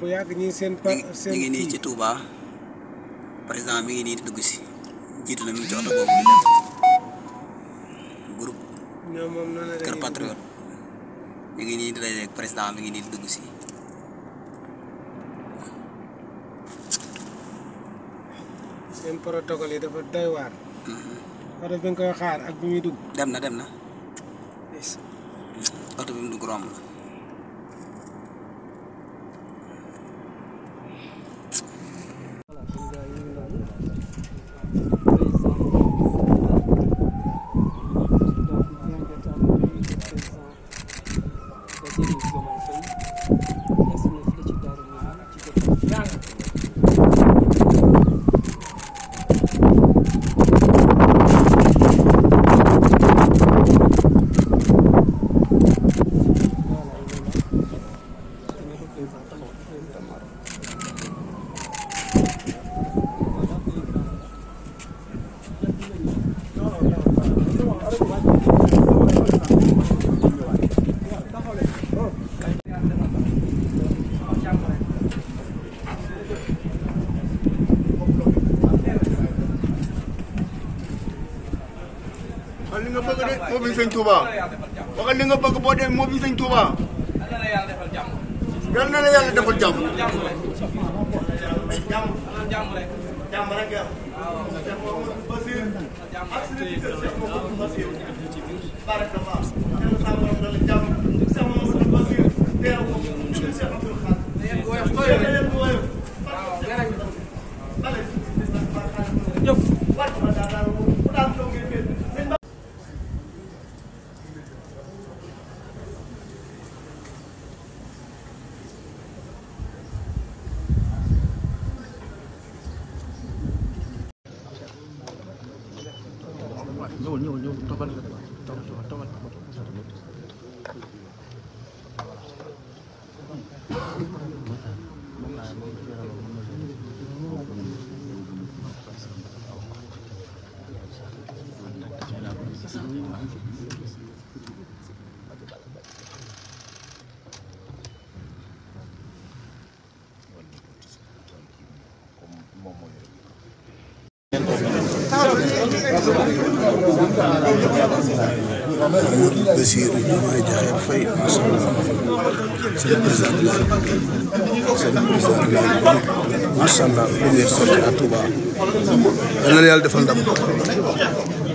bu yàgg ñii seen. par seen mi ngi nii ci Touba président mi ngi nii dugg si jiitu na mi ngi ci oto boobu di dem groupe. la Kër mi ngi nii di lay président mi ngi nii dugg si. seen protocole yi dafa doy waar. Mm-hmm. oto bi nga xaar ak bi muy dugg. dem na dem na. oto bi mu dugg romb li nga bëgg de moo fi sëñ Touba waxal li nga bëgg boo dee moo fi sëñ Touba. yal na toogal ñëwal ñëwal ñëwal toogal nga toogal toogal toogal Bassirou Diomaye Diakhar Faye c'est le président de la République c'est le président de la République macha allah première sortie yàlla defal ndam